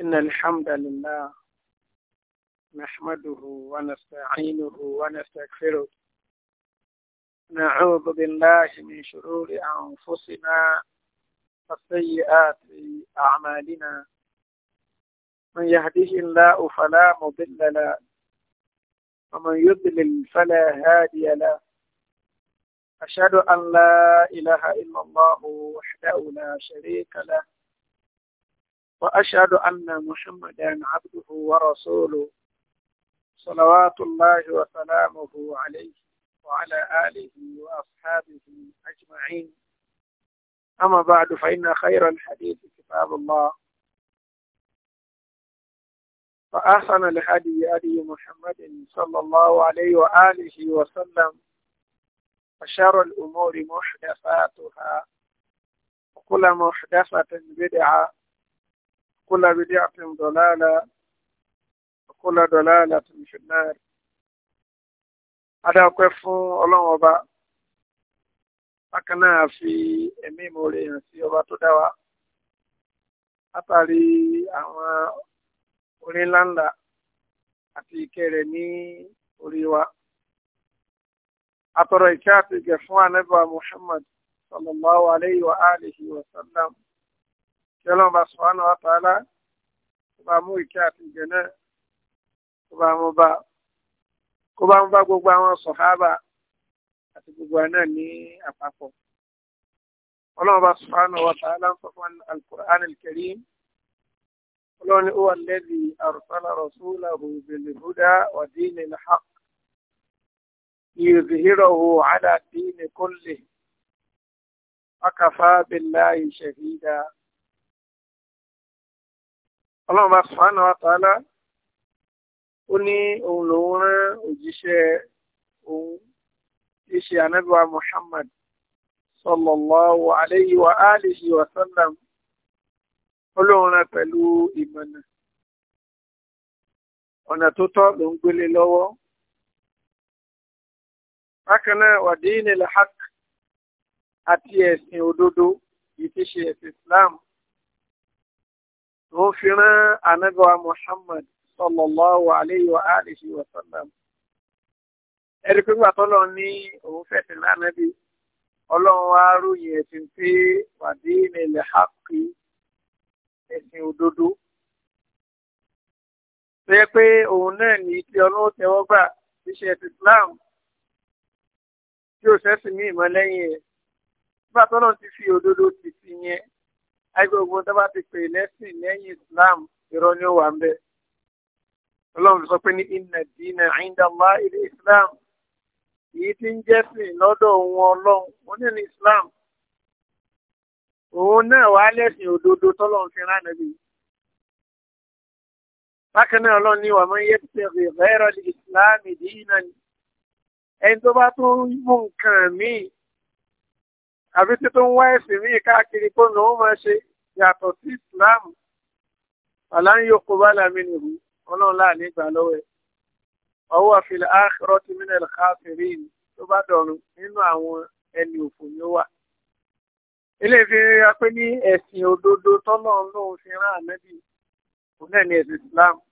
إن الحمد لله نحمده ونستعينه ونستغفره نعوذ بالله من شرور أنفسنا وسيئات أعمالنا من يهده الله فلا مضل له ومن يضلل فلا هادي له أشهد أن لا إله إلا الله وحده لا شريك له وأشهد أن محمدا عبده ورسوله صلوات الله وسلامه عليه وعلى آله وأصحابه أجمعين أما بعد فإن خير الحديث كتاب الله فأحسن الهدي هدي محمد صلى الله عليه وآله وسلم وشر الأمور محدثاتها وكل محدثة بدعة وكل بدعة ضلالة وكل ضلالة في النار adáwọ̀pẹ́ fún ọlọ́run ọba bákan náà fi ẹ̀mí ìmoore hàn sí ọba tó dá wa látàrí àwọn orí ńláńlá àti ìkẹ́ rẹ̀ ní orí wa atọ̀rọ̀ ìkẹ́ àti ìgẹ̀ fún anábà Muhammad sallallahu alayhi wa alihi wa sallam kí ọlọ́run bá subhanahu wa ta'ala kó bá mú ìkẹ́ àti ìgẹ̀ náà kó bá mú bá kó bá mú bá gbogbo àwọn sọ̀hábà àti gbogbo àná ní àpapọ̀. ọlọ́run bá subhanahu wa ta'ala ń fọwọ́n al-Qur'an al-Karim ọlọ́run huwa alladhi arsala rasulahu bil-huda wa dinil haqq liyudhhirahu ala dini kullihi wa kafa billahi ọlọ́run bá sùfàánà wa tààlà ó ní òun lòun rán òjíṣẹ́ òun tí í ṣe anábíwá Muhammad sallallahu alayhi wa alihi wa sallam ọlọ́run rán pẹ̀lú ìmọ̀nà ọ̀nà tó tọ́ ló ń gbélé lọ́wọ́ bákan náà wa dinil àti ẹ̀sìn òdodo yìí ti ó fi rán anagba Muhammad sallallahu alayhi wa alihi wa sallam ẹ̀rí pé gbàtọ́ lọ ní òun fẹ̀sìn lánàbí ọlọ́run wá ròyìn ẹ̀sìn pé wàdí nílẹ̀ hápì ẹ̀sìn òdodo tó yẹ pé òun náà ní tí ọlọ́run tẹ́wọ́ gbà tí ṣe ẹ̀sìn Islam tí ò sẹ́sìn ní ìmọ̀ lẹ́yìn ẹ̀ gbàtọ́ lọ ti fi òdodo tì sí yẹn agbègbè tó bá ti pè lẹ́sìn lẹ́yìn Islam irọ́ ni ó wà ń bẹ̀. Ọlọ́run sọ pé ní inna dina inda Allah ilé Islam èyí tí ń jẹ́sìn lọ́dọ̀ òun Ọlọ́run òun ní Islam òun náà wàá lẹ́sìn òdodo tọ́lọ́run fi rán nàbí. Bákan náà Ọlọ́run ní wàá yẹ ti ṣe ghayra al-Islam dinan ẹni tó bá tún mú nǹkan míì àbí títún wá ẹ̀sìn míì káàkiri kó nà ó máa ṣe yàtọ̀ sí ìsìláàmù aláǹyò kó bá làmì nìrú ọlọ́run láàánú ìgbà lọ́wọ́ ẹ̀ ọwọ́ àfilẹ̀ áàkìrọ̀ ti mí nàìjíríà káàkiri yìí tó bá dọ̀run nínú àwọn ẹni òfò ni ó wà. ilé fi rí ra pé ní ẹ̀sìn òdodo tọ́lọ́run lòun fi rán ànábì òun náà ní ẹ̀sìn ìsìláàmù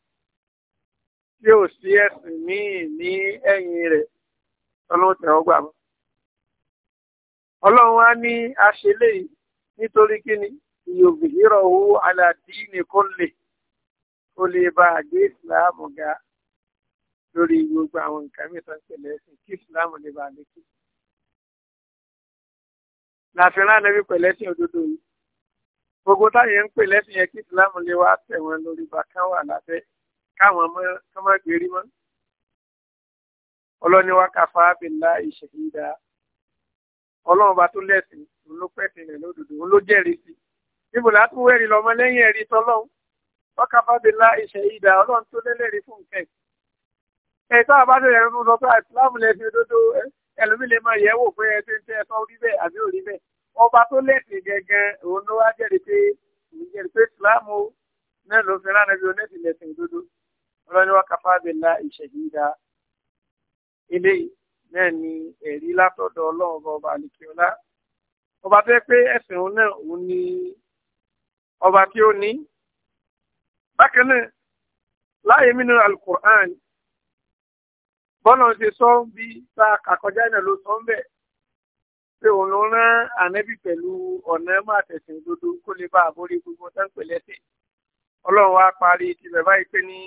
tí ò sí ẹ̀sìn míì ní ẹ̀yìn rẹ̀ ọlọ́run tẹ̀wọ́ gbà mọ́ ọlọ́run á ní aṣèlè nítorí kíni ìyòbí hírọ̀ owó aládìíní kò lè kò lè bá àgbé ìsìláàmù ga lórí gbogbo àwọn nǹkan mìíràn ṣẹlẹ̀ ẹ̀sìn kí ìsìláàmù lè bá lékè. làfihàn ànábì pẹ̀lẹ́sìn òdodo yìí gbogbo táyé ń pè lẹ́sìn yẹn kí ìsìláàmù lè wá tẹ̀ lórí bàkán wà láfẹ́ káwọn ọmọ kọ́mọ́gbèrí mọ́ ọlọ́ni wákàfà bíllāhi shahīdā ọlọ́run bá tó lẹ́sìn òun ló pẹ́sìn rẹ̀ lódodo òun ló jẹ́rìí sí níbo látún wẹ́rìí lọ́mọ lẹ́yìn ẹ̀rí tọ́lọ́run ọkà fábílá ìṣẹ̀ ìdá ọlọ́run tó lélẹ́rìí fún nǹkan ẹ̀ tó àbájọ yẹn fún sọ pé àìsíláàmù lẹ fi òdodo ẹlòmí lè máa yẹ̀wò pé ẹ ti ń tẹ́ ẹ̀tọ́ rí bẹ́ẹ̀ àbí òrí bẹ́ẹ̀ ọba tó lẹ́sìn gẹ́gẹ́ òun ló wá jẹ́rìí pé òun jẹ́rìí pé ìsìláàmù náà ló fi ránà bí náà ni ẹ̀rí látọ̀dọ̀ ọlọ́run ọba àlìkíọ́lá ọba tó yẹ pé ẹ̀sìn òun náà òun ni ọba tí ó ní. bákan náà láàyè mínú alukur'an bọ́nà ṣe sọ bí tá a kà kọjá náà ló sọ ń bẹ̀ pé òun ló rán ànábì pẹ̀lú ọ̀nà máa tẹ̀sìn òdodo kó lè bá àbórí gbogbo tó ń pè lẹ́sìn ọlọ́run wa parí ti bẹ̀ báyìí pé ní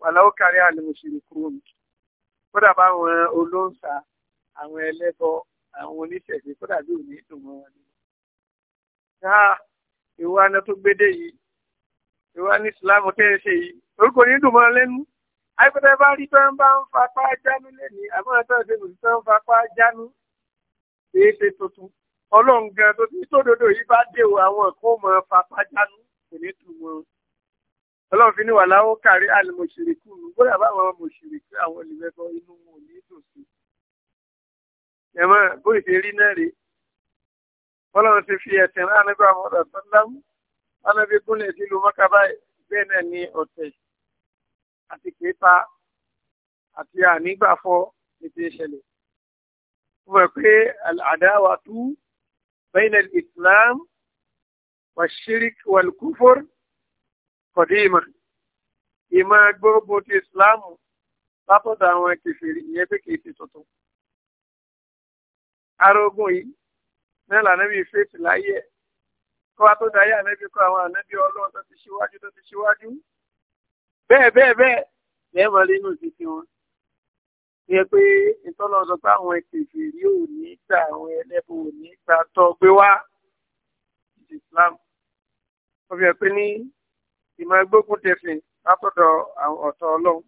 wàláwó kárí àlùmùsùlùmí kúrò nù kódà báwọn olóńsà àwọn ẹlẹ́bọ àwọn oníṣẹ̀ṣe kódà bí òní dùn mọ́ wọn nínú. ṣáà ìwà aná tó gbédè yìí ìwà ní ìsìláàmù tẹ́ ẹ ṣe yìí orúkọ yìí dùn mọ́ ọ lẹ́nu. àìkútẹ́ bá rí tó ń bá ń fapá jánú lẹ́nu àmọ́ ẹ̀ tó ń ṣe kò sí tó ń fapá jánú kìí ṣe tuntun. ọlọ́run gan tó ti tódodo yìí bá dé o àwọn kan mọ̀ fapá jánú kò ní tù wọn ọlọ́run fi ní wà láwọ́ kárí àlùmọ̀ṣìrìkù nù gbọ́dọ̀ báwọn mọ̀ṣìrìkù àwọn olùmẹ́fọ́ inú wọn ò ní dùn sí. ẹ̀mọ́ bóyá ti rí náà rèé ọlọ́run ti fi ẹ̀sìn rán anábì àwọn ọ̀dọ̀ tó lámú anábì gúnlẹ̀ sí ìlú mọ́ká báyìí bẹ́ẹ̀ náà ní ọ̀tẹ̀ àti képa àti ànígbàfọ́ ní ti mo mọ̀ pé àdáwà tú bẹ́ẹ̀ náà ìsìlám wàṣírík kọ̀díìmọ̀ ìmọ̀ gbogbo ti ìsìláàmù látọ̀dọ̀ àwọn kìfìrí ìyẹn pé kìí ti tuntun. arógún yìí náà lànàbí fèsì láyé ẹ̀ kọ́ wa tó dáyé ànábì kọ́ àwọn ànábì ọlọ́run tó ti ṣíwájú tó ti ṣíwájú. bẹ́ẹ̀ bẹ́ẹ̀ bẹ́ẹ̀ lẹ́ẹ̀mọ́ nínú títí wọn. ìyẹn pé ìtọ́lọ́ sọ pé àwọn kìfìrí ò ní gbà àwọn ẹlẹ́bù ò ní gbà tọ́ gbé wá ìsìláàmù. wọ́n fi hàn pé ní ìmọ̀ gbógun tẹ̀sìn látọ̀dọ̀ ọ̀tọ̀ ọlọ́run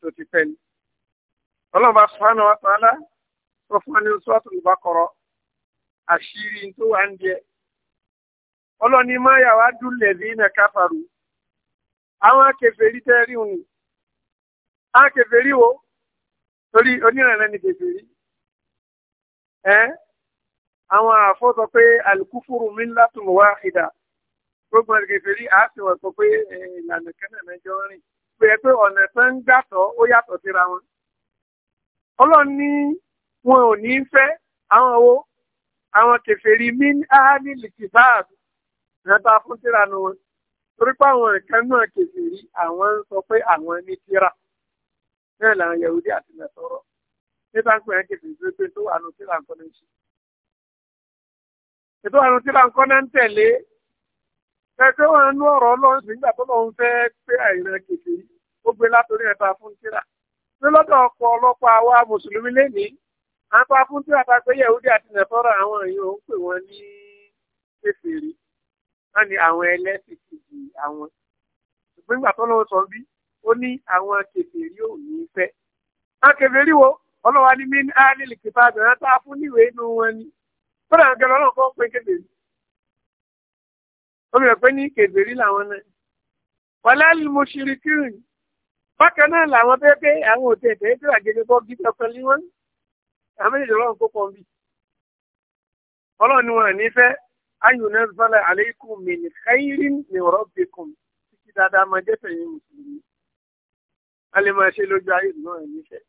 tó ti pẹ́ ni. ọlọ́run bá sọ́nà wàtàlá sọ fún ẹni sọ́ọ̀tù ìbákọ̀rọ̀ àṣírí tó wà ń jẹ. ọlọ́ni máa yà wá dúlẹ̀ bí iná káfàrú. àwọn akẹfẹ̀rí tẹ́ rí òun. àwọn akẹfẹ̀rí wo torí onírànlẹ́ ni kẹfẹ̀rí. ẹ́ àwọn àfọ́ sọ pé alukúfúrú min látùn wáhídà gbogbo kèfèrí a sì wọ́n sọ pé eh, ìlànà kẹ́nà mẹ́jọ rìn pé ẹ pé ọ̀nà tó ń gbàtọ̀ ó yàtọ̀ síra wọn. ọlọ́run ní wọn ò ní fẹ́ àwọn owó àwọn kèfèrí mí áhálì lìkìfáàbù nígbà fún tíra nu wọn torí pé àwọn nǹkan náà kèfèrí àwọn ń sọ pé àwọn ní tíra náà làwọn Yahudi àti mẹsọrọ nígbà pé wọn kèfèrí tó pé tó wà nù tíra nǹkan náà ń ṣe ètò nǹkan náà ń tẹ̀lé ẹgbẹ́ wọn nú ọ̀rọ̀ ọlọ́run nígbà tó lọ́run fẹ́ pé àìràn kìkì ó gbé látòrí ẹ̀ta fún tíra ní lọ́dọ̀ ọ̀pọ̀ ọlọ́pàá àwa mùsùlùmí lénìí à ń pa fún tíra ta pé yẹ̀wúdí àti nẹ̀fọ́rọ̀ àwọn èèyàn ń pè wọ́n ní kéfèrè wọ́n ní àwọn ẹlẹ́sìn kejì àwọn ṣùgbọ́n nígbà tó lọ́wọ́ sọ bí ó ní àwọn kéfèrè ò ní fẹ́ àwọn kéfèrè wo ọlọ́wà ní mí ní áálí lè kéfà àgbẹ̀rẹ́ tá a fún níwèé inú wọn ni kó ó bẹ̀rẹ̀ pé ní kèbèrí làwọn náà wàlá mo ṣiri kírun bákan náà làwọn bẹ́ẹ̀ pé àwọn òtẹ̀ ìtẹ̀yẹ́ tó àgbègbè bọ́ gidi ọkàn lé wọn àmì ìjọlọ́run kó pọ̀ ń ni wọn ní fẹ́ ayò náà sọ́lá aleikum min khairin ní ọ̀rọ̀ bẹ̀kùn títí dáadáa máa jẹ́ tẹ̀yìn mùsùlùmí a lè máa ṣe lójú ayé náà nífẹ̀ẹ́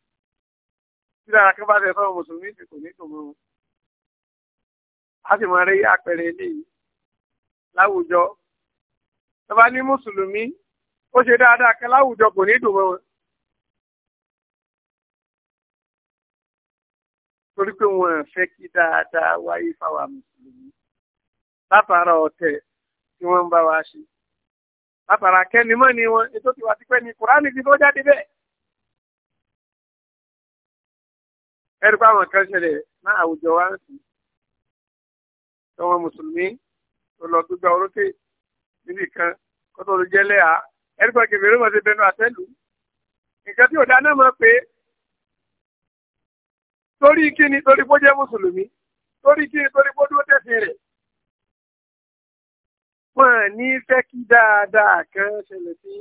tí dára kí bá fẹ́ fẹ́ mùsùlùmí ti kò ní tòun a sì máa rí àpẹẹrẹ eléyìí láwùjọ tọba ní mùsùlùmí ó ṣe dáadáa kan láwùjọ kò ní dùn wọn. torí pé wọn ò fẹ́ kí dáadáa wáyé fáwa mùsùlùmí látara ọ̀tẹ̀ tí wọ́n ń bá wa ṣe látara kẹ́nimọ́ ni wọn ètò tiwa ti pẹ́ ni ti tó jáde pé àwọn kan ṣẹlẹ̀ ní àwùjọ wa ń sìn mùsùlùmí. tó lọ gbígbá orókè nínìkan kó tó lọ jẹ́lẹ̀ à ẹ̀ríkọ́ kẹfìrí mọ̀ sí bẹnu àtẹ́lù nǹkan tí òdá náà mọ̀ pé torí kíni torí kó jẹ́ mùsùlùmí torí kíni torí kó dúró tẹ̀sìn rẹ̀ wọn ní fẹ́ kí dáadáa kan ṣẹlẹ̀ sí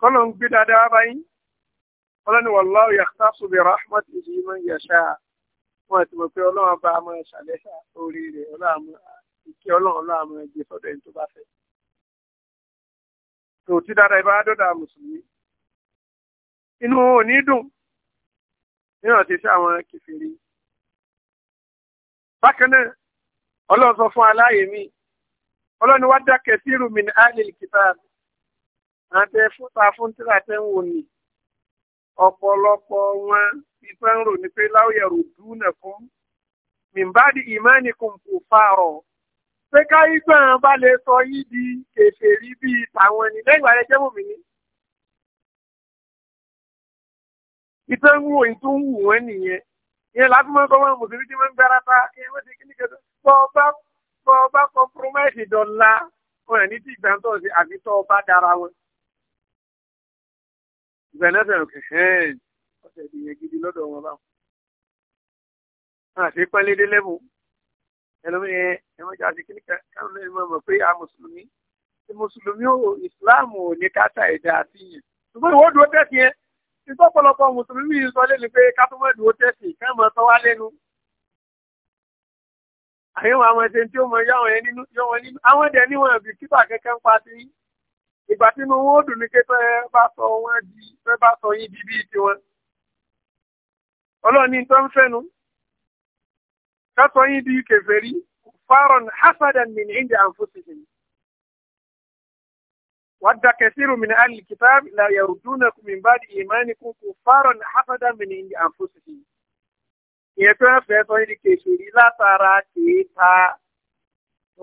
kọ́lọ̀ ń gbé dáadáa báyìí ọlọ́ni wallahu yakhtassu bi rahmatihi man yasha wọn ti mọ̀ pé ọlọ́run bá mọ̀ ṣàlẹ́sà orí rẹ̀ ìkẹ́ ọlọ́run ọlọ́run mọ̀ ẹgbẹ́ sọ́dọ̀ ẹni tó bá fẹ́. tó ti dáadáa ibà dọ́dà mùsùlùmí inú òní dùn nínú ti sí àwọn kìfìrí. bákan náà ọlọ́run sọ fún aláàyè mi ọlọ́run wá dákẹ́ sí rúmin alil kitab àti fúta fún tíra tẹ́ ń wò ní ọ̀pọ̀lọpọ̀ wọn ti fẹ́ ń rò ní pé láwùyẹ̀rù dúnà fún mìbádì ìmánìkùn kò fààrọ̀ pé káyí gbọ́n bá lè sọ yí di kèfèrí bíi tàwọn ni lẹ́yìn ìwàlẹ̀ jẹ́ mòmìnì. ìtẹ́ ń wò tó ń wù wọ́n nìyẹn ìyẹn láti mọ́ kọ́ wọn mùsùlùmí tí wọ́n ń gbára ta ìyẹn wọ́n ti kí ní kẹta bọ́ọ̀bá bọ́ọ̀bá compromise dọ́là wọn ní tí ìgbà tó ṣe ọ̀sẹ̀ ìdìyẹn gidi lọ́dọ̀ wọn báwọn. àti pẹ́lédé lẹ́bù ẹlòmíì ẹ mọ̀jà àti kíní káwọn náà mọ̀ mọ̀ pé a mùsùlùmí ti mùsùlùmí ò ìsìláàmù ò ní káta ẹ̀dá àti yẹn ṣùgbọ́n ìwọ́n dúró tẹ̀sí yẹn ìtọ́pọ̀lọpọ̀ mùsùlùmí yìí sọ lẹ́nu pé kátómọ̀ dúró tẹ̀sí káàmọ̀ tọ́ wá lẹ́nu. àyẹ̀wò àwọn ẹ̀sẹ̀ tí ó mọ yáwọn yẹn nínú yọ̀wọ̀n nínú àwọn ẹ̀dẹ̀ níwọ̀n bí kíkọ́ akẹ́kẹ́ ń pa sí ìgbà tínú wọn ó dùn ní kẹ́tọ́ ẹ bá sọ wọn di ẹ bá sọ yín ọlọ́run ní tó ń fẹ́nu kátó yín di kèfèrí fáron hasadan min indi anfusihim wadda kẹsìrù min alì kìtàb la yaruduna kù min ba'di imanikum kuffaran hasadan min indi anfusihim ìyẹn tó ń fẹ́ sọ yín di látara kìíta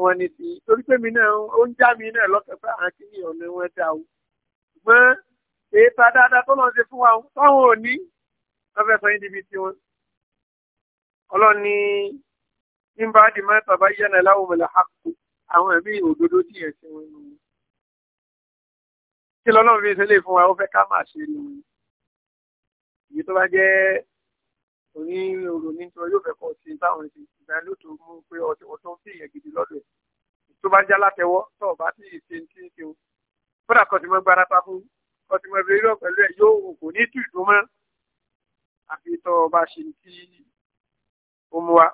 wọn ni ti torí pé mi náà ó ń já mi náà lọ́kẹ́ pé àwọn kìíní ọ̀nà wọn dà o ṣùgbọ́n èyí dáadáa tó lọ́n ṣe fún wa táwọn ò ní lọ́fẹ́ sọ yín níbi tí wọ́n ọlọ́run ní ní bá di máa tàbá yẹnà láwùmọ̀lá àkókò àwọn ẹ̀mí òdodo tí ẹ̀ sí wọn nìyí. kí lọ́lọ́run fi ṣe lè fún wa ó fẹ́ ká máa ṣe rí èyí tó bá jẹ́ òní òrò ní tí wọn yóò fẹ́ kọ́ sí táwọn ẹ̀sìn ìdánilótò mú pé ọ̀sẹ̀ wọn tó ń fi ìyẹn gidi lọ́dọ̀ ẹ̀ tó bá já látẹwọ́ tó ọ̀bá tí ì ṣe ń tí ń ṣe o. kódà kọ́tìmọ̀ gbára pa fún kọ́tìmọ̀ ìbéèrè pẹ̀lú ẹ̀ yóò kò ní tù ìdúmọ́ àfi tọ́ ọba ṣe tí ó mú wa.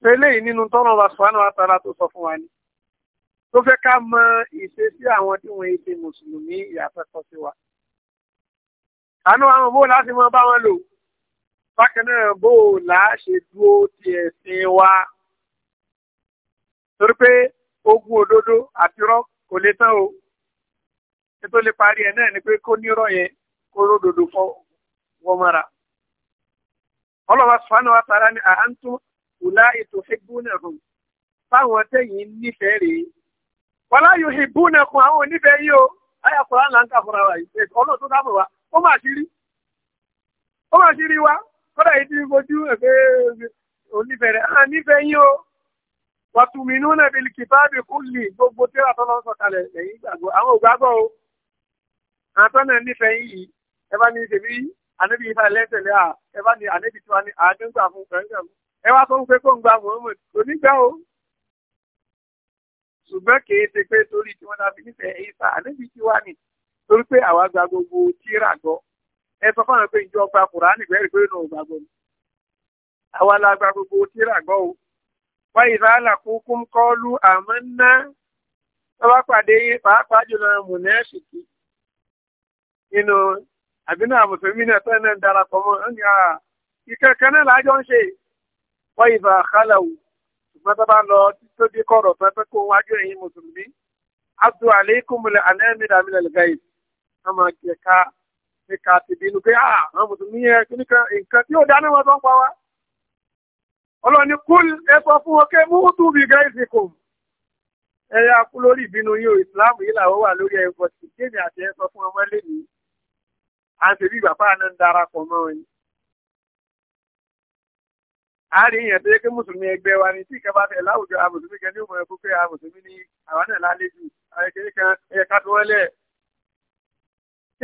sọ eléyìí nínú tọ́nà ọba sùhánù àtàlà tó sọ fún wa ni tó fẹ́ ká mọ ìṣesí àwọn tí wọ́n ṣe mùsùlùmí ìyàfẹ́kọ̀ sí wa. àánú àwọn bó láti mọ bá wọn lò bákan náà bó làá ṣe dúró ti ẹ̀sìn wa. torí pé ogun òdodo àti irọ́ kò lè tán o ètò lè parí ẹ̀ náà ni pé kó nírọ̀ yẹn kó ródòdó fọ́ wọ́n mọ́ra ọlọ́wà sọ́nà wa tara ni àhántó ọ̀la ètò ìbúnẹ̀hùn fáwọn tẹ̀yìn nífẹ̀ẹ́ rèé wọ́lá yóò ìbúnẹ̀kùn àwọn onífẹ̀ẹ́ yìí o ayé àkùrá là ń kà fúnra wa yìí ọlọ́run tó dábọ̀ wa ó mà sí ó mà sí wa kọ́dà yìí ti fojú ẹ̀fẹ́ onífẹ̀ẹ́ rẹ̀ à nífẹ̀ẹ́ yìí o wàtúmínú náà bí kìtàbí kúlì gbogbo tí wàá tọ́lọ́ sọ̀kalẹ̀ lẹ́yìn ìgbàgbọ́ àwọn ògbàgbọ́ o àtọ́nà nífẹ̀ẹ́ yìí ẹ bá ní ìṣèlú yìí ànábì ifá ẹlẹ́tẹ̀lé à ẹ bá ní ànábì tí wàá ní àádọ́gbà fún kẹ̀kẹ́ fún ẹ wá sọ pé kó ń gba Muhammad onígbà o ṣùgbọ́n kìí ṣe pé torí tí wọ́n dábí nífẹ̀ẹ́ ẹ̀yíṣà ànábì tí wàá ní torí pé àwa gba gbogbo tíra gbọ́ ẹ sọ fún àwọn pé ìjọ gba Kùránì bẹ́ẹ̀ pé nù gbàgbọ́ ni àwa la gba gbogbo tíra gbọ́ o wáyé sáálà kúkún kọ́ọ́lù àmánà tọ́wọ́ pàdé pàápàá jùlọ mùnẹ́ẹ̀sì nínú àbí náà mùsùlùmí náà tó ẹ̀nà darapọ̀ mọ́ ẹni à ìkẹ́kẹ́ náà lájọ ń ṣe wọ́n ìfà àkálàwù ṣùgbọ́n tó bá lọ tó bí kọ̀rọ̀ fẹ́ pé kó wájú ẹ̀yin mùsùlùmí abdu aleikumule anẹ́mi ramil elgaid ọmọ kẹka kẹka ti bínú pé à àwọn mùsùlùmí yẹn kíníkan nǹkan tí ó dáná wọn tó ń pa wá ọlọ́ni kúl ẹ̀kọ́ fún wọn kẹ́ mú túbí gáìsì kò ẹ̀yà kú lórí ìbínú yìí ò yìí làwọn wà lórí ẹ̀kọ́ sí kéèmì àti ẹ̀kọ́ fún ọmọ lẹ́nìí à ń ṣe bí bàbá náà ń darapọ̀ mọ́ wọn ni. a rí èèyàn tó yẹ kí mùsùlùmí ẹgbẹ́ wa ni tí ìkẹfà tẹ̀ láwùjọ àmùsùlùmí kan ní òmò ẹ̀kú pé àmùsùlùmí ni àwọn náà lálejò àyẹ̀kẹ́ kan ẹ̀yẹ ká tó wọlé.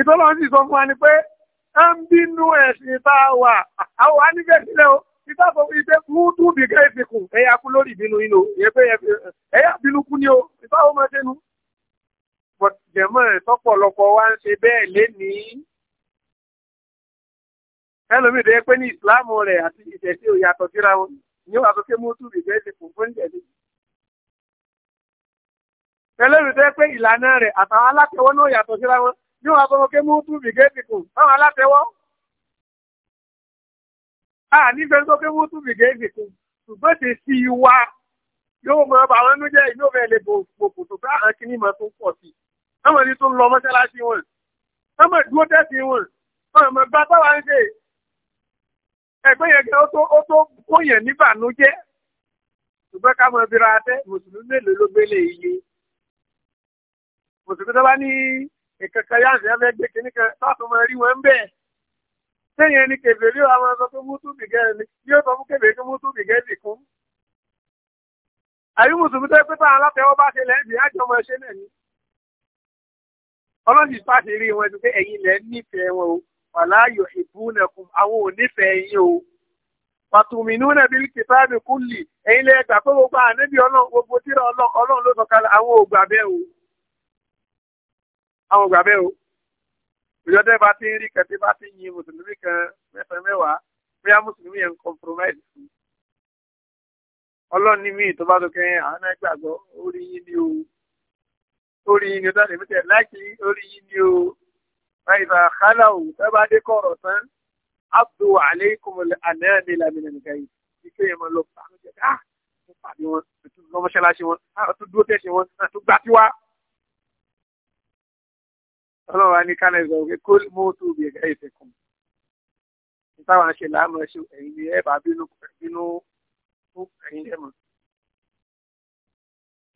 ìtọ́lọ́ sì sọ fún wa ni pé ẹ ń bínú ẹ̀sìn tá a wà àwọn wa nífẹ̀ẹ́ sílẹ̀ o ìta sọ fún ìfẹ́ mú tún bí gẹ́rẹ́ ti kù ẹ̀yà kú lórí ìbínú inú ẹ̀yà bínú kú ni o ìta ó máa dénú. jẹ̀mọ́ ẹ̀ tọ́pọ̀lọpọ̀ wa ń ṣe bẹ́ẹ̀ lénìí ẹlòmíì tó yẹ pé ní ìsìláàmù rẹ̀ àti ìṣẹ̀ṣe ò yàtọ̀ wọn ní wàá sọ pé mọ́tò ìfẹ́ ti kù fún ìjẹ̀bi. ẹlòmíì tó yẹ pé ìlànà rẹ̀ àtàwọn alátẹ̀wọ́ náà yàtọ̀ síra wọn ní wàá sọ pé mọ́tò ìfẹ́ ti kù fáwọn alátẹ̀wọ́. a nífẹ̀ẹ́ sọ pé mọ́tò ìfẹ́ ti kù ṣùgbọ́n ti fi wa yóò mọ ọba àwọn ẹnújẹ ìlú ọbẹ lè bò kòtò bá àwọn kìíní máa tó pọ̀ sí i táwọn ẹni tó ń lọ mọ́ṣáláṣí wọn táwọn ẹdúró tẹsí wọn táwọn ẹmọ bá táwọn ń ṣe ẹgbẹ́ yẹn gan ó tó kóyàn níbànújẹ́ ṣùgbọ́n ká mọ ibira tẹ́ mùsùlùmí mélòó ló gbélé iye mùsùlùmí tó bá ní ìkankan yáǹsì ẹ fẹ́ gbé kínní kan láti mọ rí wọn bẹ́ẹ̀ sẹ́yìn ẹni kẹfẹ́ rí àwọn ọkọ̀ tó mú túbì gẹ́rẹ́ ni yóò sọ fún kẹfẹ́ tó mú túbì gẹ́rẹ́ kún. àyè mùsùlùmí tó pé táwọn alátẹ̀wọ́ bá ṣe lẹ́ẹ̀dì ájọ ọmọ ẹṣẹ́ náà ni ọlọ́sìn fàláyò ìbúnẹkùn àwọn onífẹ̀ẹ́ yín o pàtùmínú nàbí kìtàbí kúlì ẹ̀yin lè gbà pé gbogbo ànábì ọlọ́run gbogbo tíra ọlọ́run ló sọ̀kalẹ̀ àwọn ògbà bẹ́ẹ̀ o àwọn ògbà bẹ́ẹ̀ o ìjọdẹ́ bá ti ń rí kẹtí bá ti ń yin mùsùlùmí kan mẹ́fẹ́ mẹ́wàá bóyá mùsùlùmí yẹn ń compromise fún ọlọ́run ní míì tó bá tó kẹ́yìn àwọn náà gbàgbọ́ orí yín ni o orí yín ni o dáadé mi tẹ̀ láìkí orí yín ni o fàìbà kálàwù tẹ́bà dé kọ̀rọ̀ tán abdu aleikum anani lamina nìkan yìí ike yẹn máa lọ bá wọn jẹ ah mo pàdé wọn ètò lọ mọ́ṣáláṣí wọn àtún ah, dúró tẹ̀sí wọn àtún gbà tiwa. ọlọ́run wa ní kálẹ̀ sọ pé kó mú tó bí ẹ̀ka ṣe láàmú ẹṣin ẹ̀yin ni ẹ bá bínú bínú fún ẹ̀yin lẹ́mọ.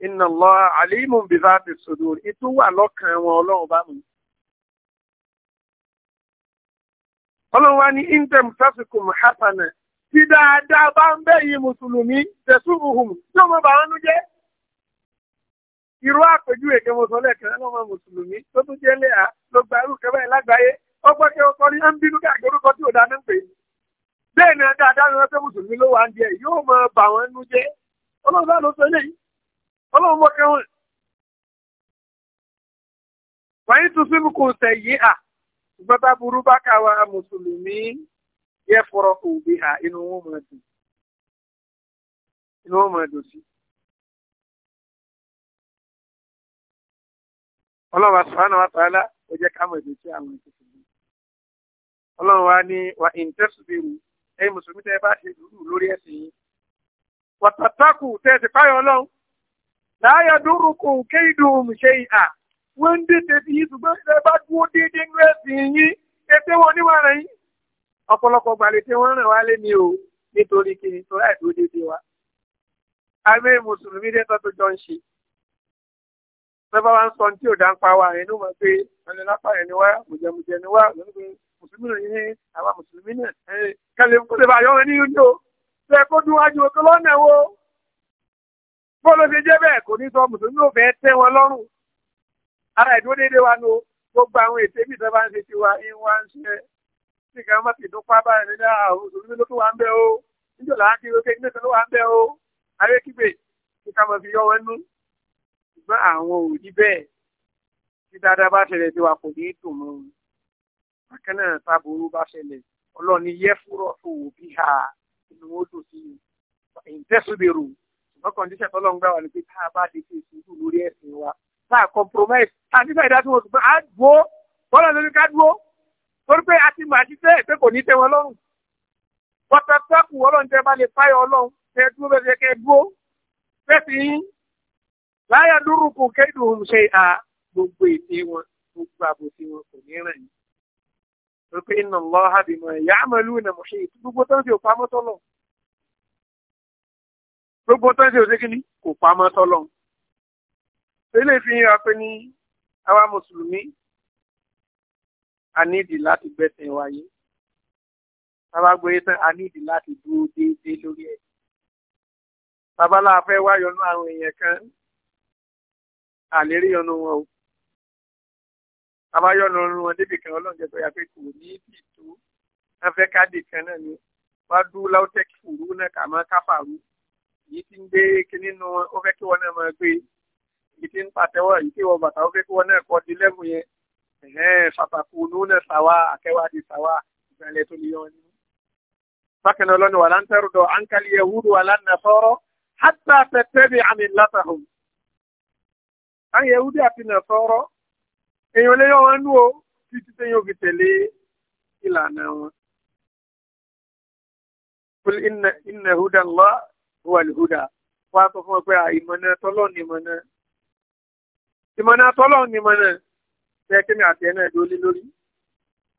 inna Allah alimun bi dhati sudur ètò wà lọ́kàn wọn ọlọ́run bá mú ọlọ́run wá ní intem tasikum hasana tí dáadáa bá ń bẹ́ yìí mùsùlùmí tẹ̀sùn uhum yóò mọ̀ bá wọn nú jẹ́ irú àpèjú èké mo sọ lẹ́ẹ̀kan lọ́mọ mùsùlùmí tó tún jẹ́ lẹ́à ló gba irú kẹfẹ́ lágbàáyé ọgbọ́n kí ọkọ ní ń bínú káàkiri orúkọ tí ò dáná ń pè bẹ́ẹ̀ ni dáadáa ni wọ́n mùsùlùmí ló wà ń jẹ yóò mọ bà wọ́n nú jẹ́ ọlọ́run bá ló sọ eléyìí ọlọ́run mọ kẹwọn. wàyí tún síbi kò sẹ̀ yìí à ṣùgbọ́n tá burú bá káwa mùsùlùmí yẹ fọ́rọ̀ òbí ha inú wọn máa dùn inú wọn máa dùn sí. ọlọ́run asọ́nà wa tààlà ó jẹ́ ká èdè sí àwọn ìṣẹ̀lẹ̀ yìí. ọlọ́run wa ní wa ìǹtẹ́sùbìrù ẹ̀yin mùsùlùmí tẹ́ bá ṣe dúró lórí ẹ̀sìn yìí. wàtàtàkù tẹ́ fáyọ̀ ọlọ́run láàyè dúró kò kéèdùn ṣe ìhà wọ́n ń dèdè sí yìí ṣùgbọ́n ìṣẹ́ bá dúró déédé ń rẹ̀ sí yín ètè wọn níwọ̀n rẹ̀ yín ọ̀pọ̀lọpọ̀ gbàlejò wọ́n rìn wá lé ní o nítorí kí ni tó láì dúró déédé wa àmì mùsùlùmí dẹ́tọ́ tó jọ ń ṣe tọ́ba wa ń sọ tí ò dáńpá wa rẹ̀ ló mọ̀ pé ẹni lápá rẹ̀ ni wá mùjẹmùjẹ ni wá lónìí mùsùlùmí náà ní àwa mùsùlùmí náà kẹlẹ̀ kó lè bá yọ wọn ní yóò tó ẹ kó dún wájú ọkọ lọ́nà wo bó ló ṣe jẹ́ bẹ́ẹ̀ kò ní sọ mùsùlùmí ara ìdúró déédéé wa nu gbogbo àwọn ètò ibi ìjọba ń ṣe ti wa ń wá ń ṣe nìkan má ti dúpá báyìí nílẹ̀ àwọn òṣèlú ló tún wà ń bẹ o níjọ làá kiri oké nílẹ̀ tó wà ń bẹ o ayé kígbe kíkà mọ̀ fi yọ wọn nú ṣùgbọ́n àwọn ò rí bẹ́ẹ̀ tí dáadáa bá ṣẹlẹ̀ sí wa kò ní í dùn mọ́ bákan náà táburú bá ṣẹlẹ̀ ọlọ́ọ̀ni yẹ fúrọ̀ òwò bí ha inú ó dùn sí ìtẹ́sùbẹ̀rù ṣùgbọ́n kọ́ndíṣẹ̀ tọ́lọ́ ń gbà wà ní pé tá a bá ti ṣe ìṣúdù láà compromise àti bẹ́ẹ̀ dá sí wọn ṣùgbọ́n á dúró bọ́lá lórí ká dúró torí pé a ti mọ̀ àti tẹ́ ẹ̀fẹ́ kò ní tẹ́ wọn lọ́rùn bọ́tà tẹ́kù ọlọ́run tẹ́ bá lè fáyọ̀ ọlọ́run tẹ́ dúró bẹ́ẹ̀ tẹ́ kẹ́ dúró bẹ́ẹ̀ sì yín láyà dúró kò kéèdùn ṣe à gbogbo ète wọn gbogbo àbòsí wọn kò ní ràn yín torí pé inna Allaha bima ya'maluna muhit gbogbo tó ń fi òpamọ́ tọ́lọ̀ gbogbo tó ń fi òṣèkínní kò pamọ́ tọ́lọ̀ eléyìí fi hàn pé ní àwa mùsùlùmí a nídìí láti gbẹ̀sìn wáyé bàbá gbóyè tán a nídìí láti dúró déédéé lórí ẹ̀ bàbá láà fẹ́ wáyọ̀ nú àwọn èèyàn kan àlérí ọ̀nà wọn o bàbá yọ̀nà ọ̀run wọn débì kan ọlọ́run jẹ́ tó yà pé kò ní bì tó wọn fẹ́ káàdì kan náà ni wọ́n á dúró láwùjẹ́ náà kà máa káfàrú èyí tí ń gbé kinní nu wọn ó fẹ́ kí wọn náà máa gbé yìí ti ń pàtẹ́wọ́ yìí tí wọ́n bàtà ó fẹ́ kí wọ́n náà kọ́ di lẹ́mù yẹn fàtàkù nùnà sàwà àkẹwàá di sawa. ìgbàlẹ̀ tó lè yọ nínú. bákan náà lọ́nà wà láńtẹ́rù dọ̀ àǹkálí yahudu wà lánàá sọ́rọ́ hátà tẹ̀tẹ́bì àmì látàhùn. àwọn yahudu àti nà sọ́rọ́ èèyàn lè o títí tẹ́yìn òbí tẹ̀lé ìlànà wọn. kul inna inna hudan Allah huwa al-huda wàá sọ fún ọ pé àìmọ̀nà tọ́lọ́ ni ìmọ̀nà àtọ́lọ́run ni mọ̀nà tẹ́ kí ni àti ẹ̀ náà dólé lórí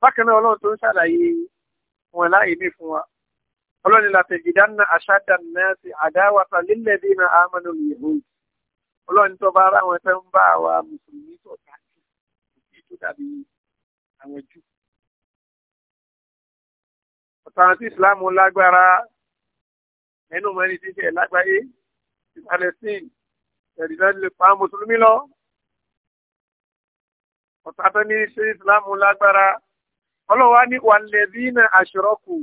bákan náà ọlọ́run tó ń ṣàlàyé wọn láàyè mí fún wa ọlọ́run ni làtẹ̀jìdánná àṣàdàn náà ti àdáwàtà lílẹ̀ bí na àmọ́nà òyìnbó ọlọ́run tó bá ara wọn fẹ́ ń bá àwa mùsùlùmí tó tàbí òbí tó dàbí àwọn jù ọ̀tàn tí ìsìláàmù lágbára ẹnu mọ́ni ti jẹ́ lágbáyé ti Palestine ẹ̀rí lọ́dún pa mùsùlùmí lọ ọ̀tá tó ní ṣe ìsìlámù lágbára ọlọ́wà ní wàlẹ́bínà àṣírọ́kù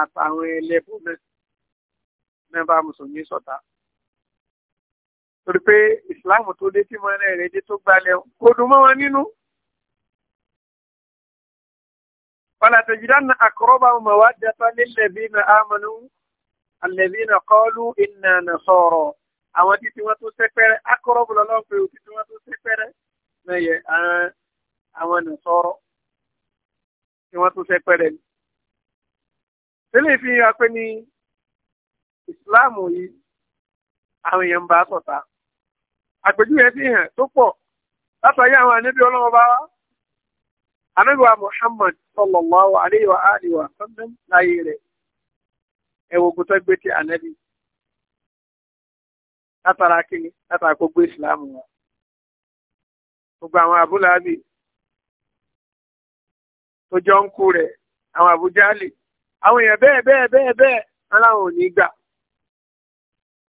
àtàwọn ẹlẹ́bùn náà mẹ́bàá mùsùlùmí sọ̀tá torí pé ìsìláàmù tó dé tí mọ́nà rẹ̀ dé tó gbalẹ̀ kò dùn mọ́ wọn nínú. Fàlàtẹ̀jìdá na àkọ́rọ́bà mọ̀ wá jẹta nílẹ̀bí na ámànú, àlẹ̀bí na kọ́ọ̀lù iná na sọ̀rọ̀. Àwọn mẹ́yẹ àwọn ẹ̀nà sọ̀rọ̀ tí wọ́n tún ṣe pẹ́rẹ́ ni. Tẹ́lẹ̀ fi a pé ní Ìsìláàmù yìí àwọn èèyàn ń fi hàn tó pọ̀ látàrí àwọn àníbi ọlọ́wọ́ bá wá. Muhammad sallallahu alayhi wa alihi wa sallam láyé rẹ̀ ti gbogbo àwọn abúláàbì tó jọ ń kú rẹ̀ àwọn àbújáàlì àwọn èèyàn bẹ́ẹ̀ bẹ́ẹ̀ bẹ́ẹ̀ bẹ́ẹ̀ wọn làwọn ò ní gbà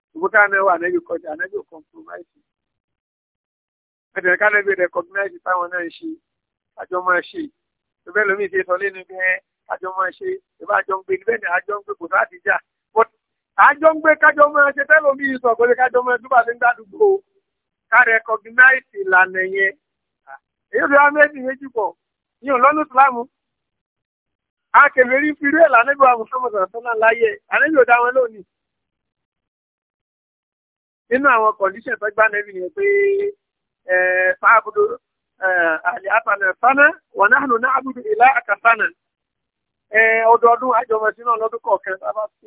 ṣùgbọ́n ká náà wà nẹ́bí kọjá nẹ́bí kọ̀ǹpromáìsì ẹ̀dẹ̀ ká nẹ́bí rẹ̀kọ̀gínáìsì táwọn náà ń ṣe àjọ máa ṣe ìbẹ́ lómi ti sọ lẹ́nu bẹ́ẹ̀ àjọ máa ṣe ìbá àjọ ń gbé níbẹ̀ ni àjọ ń gbé kò láti jà àjọ ń gbé kájọ máa ṣe tẹ́lómi sọ Ka recognize la na èyí ló wá méjì méjì pọ̀ ní ọlọ́nù ìsìlámù akèmẹ́rí fi rí ẹ̀là níbi àwọn sọ́mọ̀tàn sọ́nà láyé àníbi òdá wọn lónìí na àwọn condition tó gbá nẹ́bí àlè àtàlẹ̀ Fana wọn náà lò ní àbùdó ìlà ọdọọdún àjọmọ̀ sínú ọlọ́dún kọ̀ọ̀kan tó fi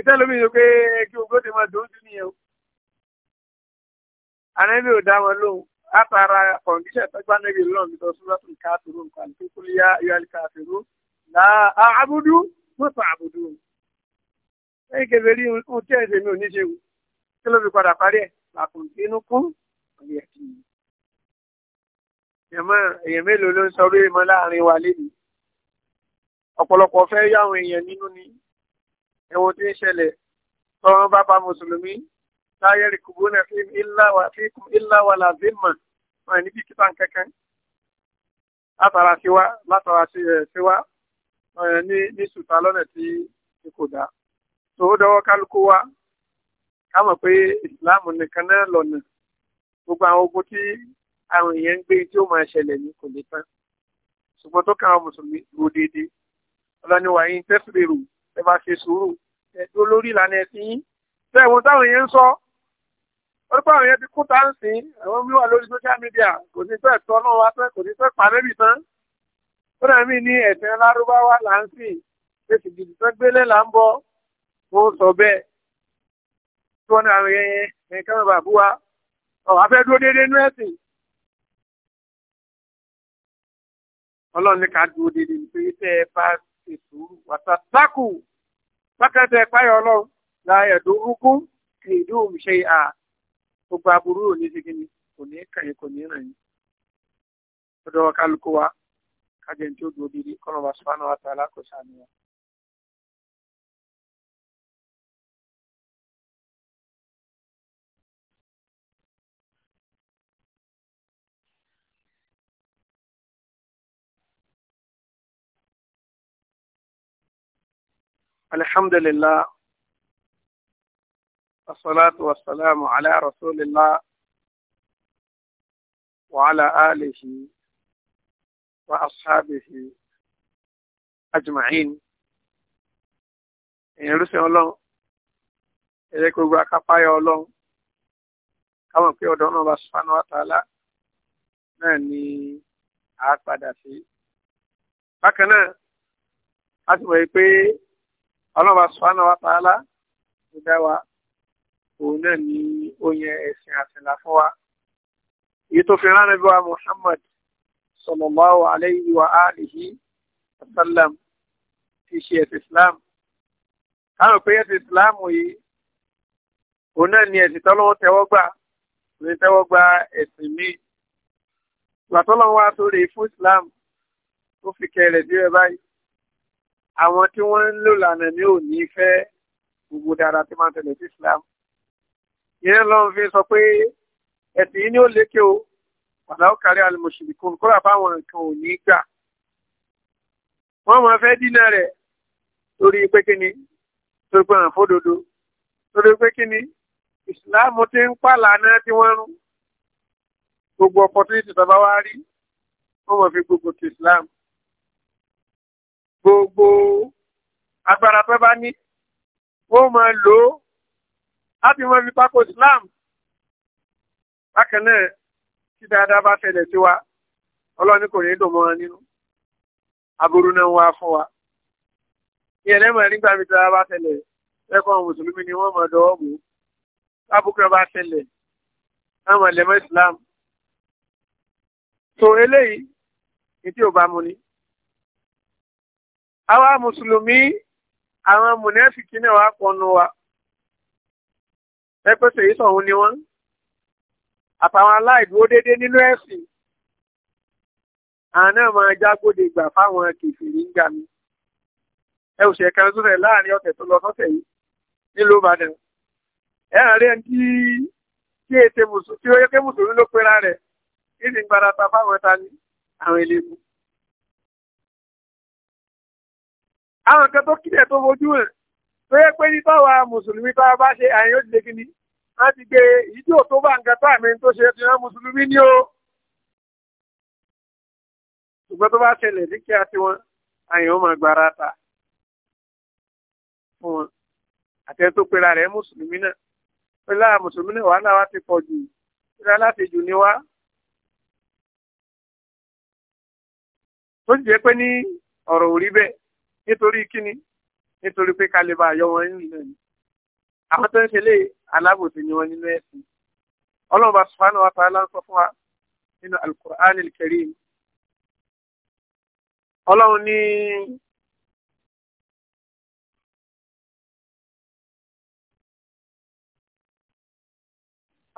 ìtẹ́ lómi yìí pé kí gbogbo ti máa dùn sí nìyẹn o. ànábì ò dá wọn lóhùn látara kọ̀ǹdíṣẹ̀ tọ́jú ànábì lọ́nà mi tó súnmọ́ fún káàtúrú nǹkan tó kúlú yá yọ àlìkàfẹ́rú là á abudu wọ́n sọ abudu o. lẹ́yìn kẹfẹ́ rí ohun tí ẹ̀sẹ̀ mi ò ní ṣe o kí ló fi padà parí ẹ̀ làkùnkí inú kún ọ̀yẹ̀ kì í. èèyàn mélòó ló ń sọ orí mọ́ láàrin wa lébi ọ̀pọ̀lọpọ̀ ẹ̀wọ̀n tí ń ṣẹlẹ̀ tọ́wọ́n bá bá mùsùlùmí láyé rìkùbù náà fi kún ìláwà làzímà wọn níbi kíta kankan látara síwá látara síwá eh, eh, ní sùtà lọ́nà tí kò dá. tó dọwọ́ kálukú wa ká mọ̀ pé ìsìláàmù nìkan náà lọ́nà gbogbo àwọn ogun tí àwọn èèyàn ń gbé tí ó máa ṣẹlẹ̀ ní kò lè tán ṣùgbọ́n tó kàn án mùsùlùmí rò ọlọ́ni wàá yín tẹ́sílẹ̀ rò ẹ bá ṣe sùúrù ẹ̀dùn olórí ìlànà ẹ̀sìn yín bẹ́ẹ̀ wọn táwọn èèyàn ń sọ orúkọ àwọn èèyàn ti kú tá ń sìn àwọn mi wà lórí social media kò ní fẹ́ tọ́ náà wá tán kò ní fẹ́ pàdébì tán ó dà mí ní ẹ̀sìn lárúbáwá là ń sìn èsì gidi tó gbélé là ń bọ̀ mo sọ bẹ́ẹ̀ tí wọ́n ní àwọn èèyàn yẹn kẹ́mẹ́ bàbú wa ọ̀ afẹ́ dúró déédéé nú ẹ̀sìn ọlọ́run ní ká dúró déédéé nítorí tẹ́ ẹ bá ṣe sùúrù wàtàtàkù pákẹ́tẹ̀ páyọ̀ ọlọ́run láàyè dórúkún kì í dùn ṣe à gbogbo aburú òní ti gini kò ní kàyè kò ní ràn yín ọ̀dọ̀ kálukú wa kájẹ ní tó dúró dídí kọlọmọ sọfánà wa tààlà kò sàmì wa. الحمد لله والصلاة والسلام على رسول الله وعلى آله وأصحابه أجمعين ìyẹn ló ṣe ọlọ́run ẹ̀rẹ́ kó gba kápáyà ọlọ́run káwọn pé ọ̀dọ́ náà bá sùpánù àtàlà náà ni a padà sí. bákan náà a ti mọ̀ pé ọlọ́ba sùfánà wa tààlà ló dá wa òun náà ni ó yẹ ẹ̀sìn àtìlà fún wa èyí tó fi ránà bí wa Muhammad sallallahu alayhi wa alihi wa sallam ti ṣe ẹ̀sìn Islam káàrò pé ẹ̀sìn Islam yìí òun náà ni ẹ̀sìn tọ́lọ́wọ́ tẹ́wọ́ òun tẹ́wọ́ ẹ̀sìn míì ìgbà tọ́lọ́wọ́ wa tó rè fún Islam tó fi kẹrẹ̀ sí ẹ báyìí àwọn tí wọ́n ń lò lànà ní òní fẹ́ gbogbo dára tí máa tẹ̀lé sí Islam ìyẹn lọ́n fi sọ pé ẹ̀sìn yìí ni ó lékè o wàláwó kárí alùmọ̀ṣìlì kò kó rà nǹkan ò gbà wọ́n máa fẹ́ dínà rẹ̀ torí pé kí ni torí pé hàn fódodo torí pé kí ni ìsìláàmù ti ń pàlànà tí wọ́n rún gbogbo opportunity tó bá wá rí wọ́n máa fi gbogbo ti ìsìláàmù gbogbo agbára tó bá ní wọ́n máa lò ó láti wọ́n fi pákó Islam bákan náà tí dáadáa bá ṣẹlẹ̀ sí wa ọlọ́ni kò ní dùn mọ́ wọn nínú aburú náà wá fún wa ní ẹlẹ́mọ̀ nígbà mi dáadáa bá ṣẹlẹ̀ ẹ̀kọ́ mùsùlùmí ni wọ́n máa dọwọ́ mú lábùkún bá ṣẹlẹ̀ láwọn ẹlẹ́mọ̀ Islam so eléyìí ní tí ò bá mu ni àwa mùsùlùmí àwọn mùnẹ́fìkì náà wà pọnú wa ẹgbẹ́ sèyí sọ̀hún ni wọ́n àtàwọn aláìdúró déédéé nínú ẹ̀sìn àwọn náà máa jágbóde ìgbà fáwọn kìfìrí ń gbà mí ẹ ò ṣẹ̀ka ń sọ̀rọ̀ láàrin ọ̀sẹ̀ tó lọ sọ́sẹ̀ yìí nílùú Ìbàdàn ẹ hàn rẹ̀ tí tí ètè mùsùlùmí ló pera rẹ̀ kí ni gbadata fáwọn ta ni àwọn eléwu. àwọn nǹkan tó kílẹ̀ tó fojú hàn tó yẹ pé ní táwa mùsùlùmí táwa bá ṣe àyìn ó dìde kíní wọ́n ti gbé ìdí e. òtó bá nǹkan tá àmì tó ṣe ti hàn mùsùlùmí ní o. ṣùgbọ́n tó bá ṣẹlẹ̀ ní kí a ti wọn àyìn ó máa gbára ta fún wọn àtẹni tó pera rẹ̀ mùsùlùmí náà pé láà mùsùlùmí náà wàhálà wa ti pọ̀ jù ìrẹ́ láti jù ní wá. tó jẹ́ pé ní ọ̀rọ̀ ò bẹ́ẹ̀ nítorí kíni nítorí pé ká lè bá yọ wọn nínú ẹ̀ àwọn tó ń ṣe lé alábòsí ni wọn nínú ẹ̀sìn ọlọ́run bá subhanahu wa ta'ala ń fún wa nínú al-Qur'an al ní.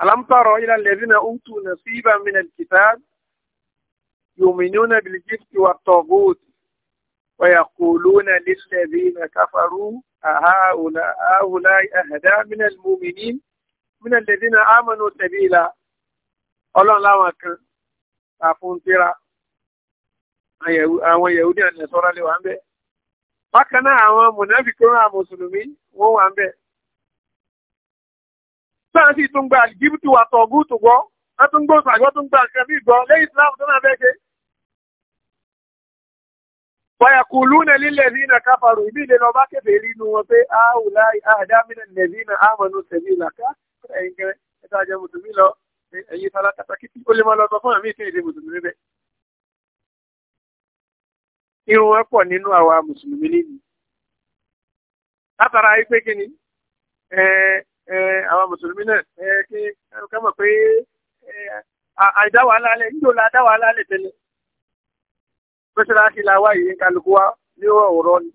ألم تر إلى الذين أوتوا نصيبا من الكتاب يؤمنون بالجبت والطاغوت ويقولون للذين كفروا أهؤلاء أهدا من المؤمنين من الذين آمنوا سبيلا ọlọ́run láwọn kan àfúntira àwọn yahudi àti ẹ̀sọ́ra lè wà ń bẹ̀. bákan náà àwọn mùnáfíkí rán àwọn mùsùlùmí wọ́n wà ń bẹ̀. sáà sì tún gba àlìjíbìtì wà tọ̀gùtù gbọ́ wọ́n tún gba nǹkan gbọ́ lẹ́yìn islam tó náà bẹ́ẹ̀ wàyàkùlùnà lílẹ̀dínà káfàrù ìbí ìdènà ọba kẹfẹ́ ile inú wọn pé àwùlá àdámínà a àmọ̀nù tẹ̀lé làkà ẹ̀yìn kẹrẹ ẹ̀ta àjẹ mùsùlùmí lọ ẹ̀yìn sara kàtàkì tí lọ sọ fún àmì ìtì ìdè mùsùlùmí bẹ́ẹ̀. irun wọn pọ̀ nínú àwa mùsùlùmí nínú. látara ayé ni àwa mùsùlùmí náà kí la mọ́ṣáláṣí la wá yìí kálukú wa ní ọ̀rọ̀ ni.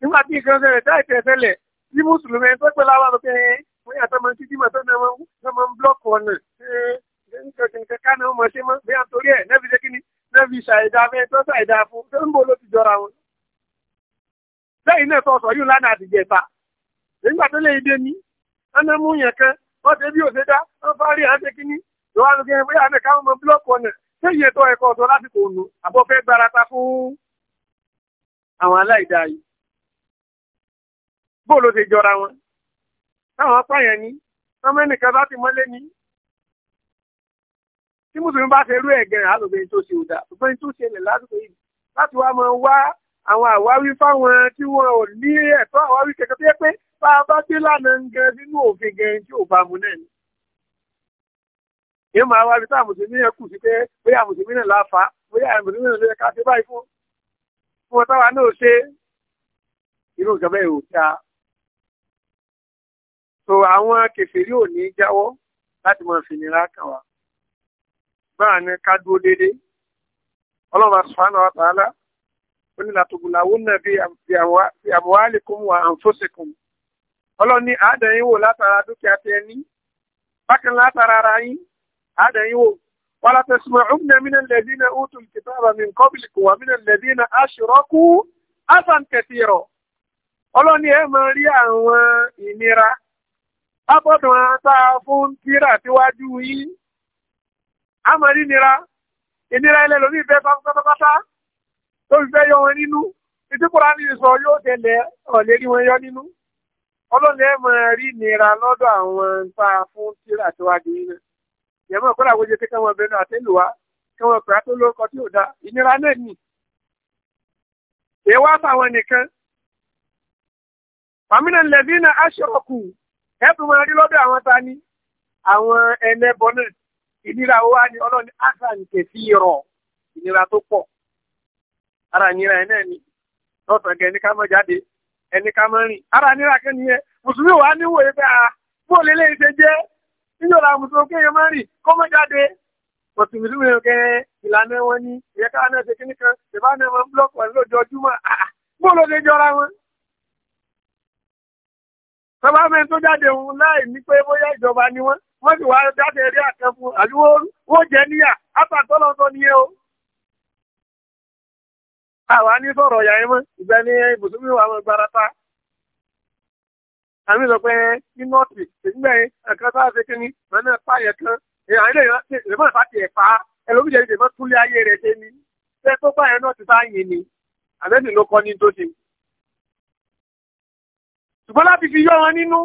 nígbà tí nǹkan ṣẹlẹ̀ dá ìtẹ̀ ṣẹlẹ̀ bí mùsùlùmí tó pẹ́ láwọn ọ̀rọ̀ pé wọ́n yàtọ̀ máa ń títí mọ̀ tó máa ń blọ́ọ̀kì ọ̀nà nǹkan ká ni wọ́n mọ̀ ṣe mọ́ bí wọ́n torí ẹ̀ nẹ́bi ṣe kíni nẹ́bi ṣàìdá fẹ́ tó ṣàìdá fún tó ń bò ló ti jọra wọn. lẹ́yìn náà sọ̀sọ̀ yìí lánàá àtijọ́ ìta nígbà tó lè dé ní ẹnẹ́mú yẹn kan wọ́n ṣé iye tó ẹ̀kọ́ ọ̀sọ́ lásìkò ònu àbọ̀ fẹ́ gbarata fún àwọn aláìda yìí bó ló ṣe jọra wọn táwọn apáyàn ní ọmọ ẹnìkan bá ti mọ́lé ní tí mùsùlùmí bá ṣe rú ẹ̀gẹ̀rẹ̀ alòbìnrin tó ṣe òdà òbìnrin tó ṣẹlẹ̀ lásìkò yìí láti wá máa wá àwọn àwáwí fáwọn tí wọn ò ní ẹ̀tọ́ àwáwí kẹ̀kẹ́ tó yẹ pé bá a bá dé lánàá gan sínú òfin gan tí ò bá mu náà ni yẹn máa wá ibi tá àmùsùlùmí yẹn kù sí pé bóyá àmùsùlùmí náà láfa bóyá àmùsùlùmí náà lè ká ṣe báyìí fún fún wọn táwa náà ṣe irú ìjọba ẹ̀ ò ta so àwọn kẹfìrí ò ní jáwọ́ láti máa fìnira kàn wá báà ní ká dúró déédéé ọlọ́run subhanahu wa ta'ala ó ní làtògùnláwùnà bí àmúhálìkùn wà àǹfọ̀sẹ̀kùn ọlọ́run ní àádọ́yìn wò látara dúkìá tẹ́ ní bákan látara ara yín. هذا wò wàlá tasma'unna mina alladhina utul kitaba min qablikum wa mina alladhina ashraku asan kathira ọlọ́ni ẹ máa rí àwọn ìnira abọ́dùn ata fún tíra tíwájú yìí a máa rí nira ìnira ilẹ̀ lórí ìfẹ́ pátápátá tó fi fẹ́ yọ wọn nínú ìdíkùrá ní sọ yóò tẹ̀lé ọ̀lérí wọn yọ nínú ọlọ́ni ẹ máa rí nira lọ́dọ̀ àwọn ta fún tíra tíwájú yìí náà. ìyẹn mọ̀ kó làwọn ojú kékeré wọn bẹnu àtẹ́lù wa kí wọn pè á tó lórúkọ tí ò da ìnira náà nì. èèwọ̀ àfàwọn nìkan fàmínà lẹ́bí náà aṣọ́ọ̀kù ẹ̀bùn máa rí lọ́dọ̀ àwọn ta ni àwọn ẹlẹ́bọ náà ìnira wa ni ọlọ́ni asan kẹfì rọ̀ ìnira tó pọ̀ ara ìnira ẹ̀ náà ni lọ́sàn-án ẹni ká mọ̀ jáde ẹni ká mọ̀ rìn ara ìnira kẹ́ni yẹn mùsùlùmí wàá níwòye pé ah, níjọ́ la mú tó kéèyàn máa rìn kọ́ mọ́ jáde mọ̀tìmìlú rẹ̀ kẹ́ ìlànà wọn ni ìyẹn káwọn náà ṣe kíní kan ìbá náà máa ń búlọ́ọ̀kù wọn lójoojúmọ́ ló ṣe jọra wọn. bàbá mẹ́rin tó jáde òun láì ní pé bóyá ìjọba ni wọ́n wọ́n sì wáá jáde àkàn fún o. àwa ní sọ̀rọ̀ yàrá mọ́ ìgbẹ́ni ibùsùn mi wà wọn àmì sọ pé ní nọ́ọ̀tì nígbà ẹ̀ka bá ṣe kí ni màá náà pààyàn kan àwọn ilé ìrẹ̀mọ̀ bá tiẹ̀ pa ẹlòmíjẹ ìdè mọ́ túlé ayé rẹ̀ ṣe ni ṣé tó pààyàn náà ti bá yìn ni àbẹ́bí ló kọ́ ní tó ṣùgbọ́n láti fi yọ wọn nínú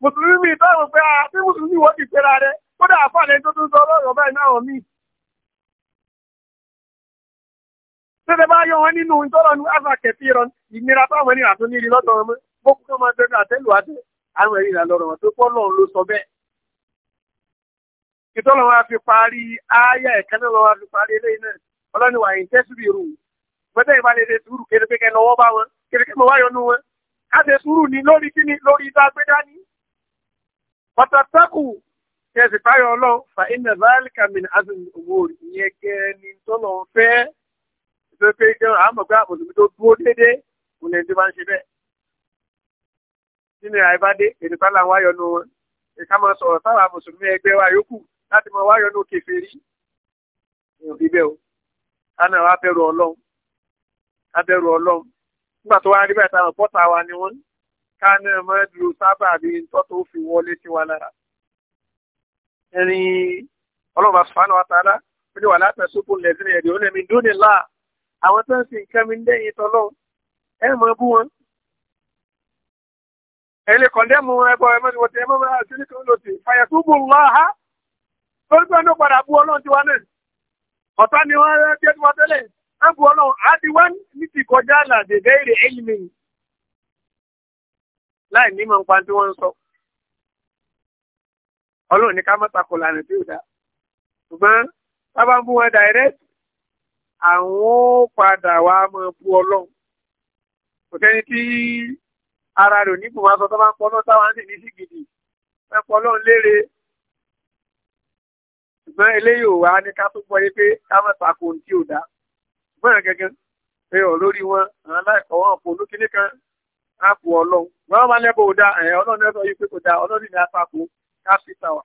mùsùlùmí mi tọ́ ìwọ̀n pé àti ah, mùsùlùmí wọ́n ti pera rẹ̀ kódà àfààní tó tún sọ lọ́rọ̀ báyìí náà wọ̀n mí. ṣé tẹ bá yọ wọn nínú ìtọ́lọ́nu gbogbo kan máa dẹnu àtẹ́lù adé àwọn ẹ̀rí ìlàlọ́rọ̀ wọn tó pọ́ lọ́run ló sọ bẹ́ẹ̀. ìtọ́lọ́ wa fi parí ááyà ẹ̀kan náà wa fi parí eléyìí náà ọlọ́ni wà ń tẹ́sí bìrù gbọ́dọ̀ ìbálẹ̀ lè sùúrù kérékèké lọ́wọ́ bá wọn kérékèké mọ̀ wáyọ̀ nù wọn ká ṣe sùúrù ní lórí kíni lórí ibà gbé dání. pọ̀tàtàkù kẹsì fáyọ̀ ọlọ́run fa iná báyìí kàmínà azùn owó ìyẹn gẹ́ni tọ́lọ́ fẹ́ ìfẹ́fẹ́ jẹun àmọ̀ pé àbòsùn mi tó dúró déédéé kò lè dé máa ń ṣe bẹ́ẹ̀ nínú ìhà ìbádé èdè tá làwọn ayọ̀nù wọn ìka máa sọ̀rọ̀ sáwà mùsùlùmí ẹgbẹ́ wa yòókù láti máa wáyọ̀nù kèfèrí ìbẹ̀ o kánà wa bẹ̀rù ọlọ́run ká ọlọ́run nígbà tó wá rí bẹ́ẹ̀ táwọn pọ́tà wa ni wọ́n kánà máa dúró sábà bí ntọ́ tó fi wọlé tí wa lára ẹni ọlọ́run àfààní wa tààlà ó ní wà látàṣókò lẹ́sìn ẹ̀dẹ̀ ó lẹ́mi dúnìlá àwọn tó ń sin nǹkan lẹ́yìn tọ́lọ́ ẹ̀ mọ̀ bú wọn ẹ̀lẹ́ kọ̀ndẹ́mù ẹbọ ẹmọ́ni wọ́n ti ẹmọ́ máa ṣe ní kan ló ti fàyẹ̀súbù láha torí pé ní ó padà bú ọlọ́run ti wá náà ọ̀tá ni wọ́n rẹ́ tí wọ́n tẹ́lẹ̀ ń bu ọlọ́run á ti wá ní ti kọjá là dèdè èrè ẹ̀yìn mi láì ní mọ̀ nípa tí wọ́n ń sọ ọlọ́run ní ká má takò lànà tí ò dá ṣùgbọ́n sábà ń bú wọn direct àwọn padà wá máa bú ọlọ́run kò sẹ́ni tí ara rẹ̀ n'ifu máa sọ tó bá ń pọ́nọ́ gidi ẹ pọ́ léèrè ṣùgbọ́n eléyìí ò wá ní ká tó gbọ́ yé pé ká má tako ohun tí ò dá ṣùgbọ́n yẹn gẹ́gẹ́ pé wọn àwọn aláìkọ́ wọn kò lókínní kan á kú ọlọ́run wọn máa lẹ́bọ̀ ò dá ẹ̀ ọlọ́run yìí pé kò dá ọlọ́run ní ká fi tàwa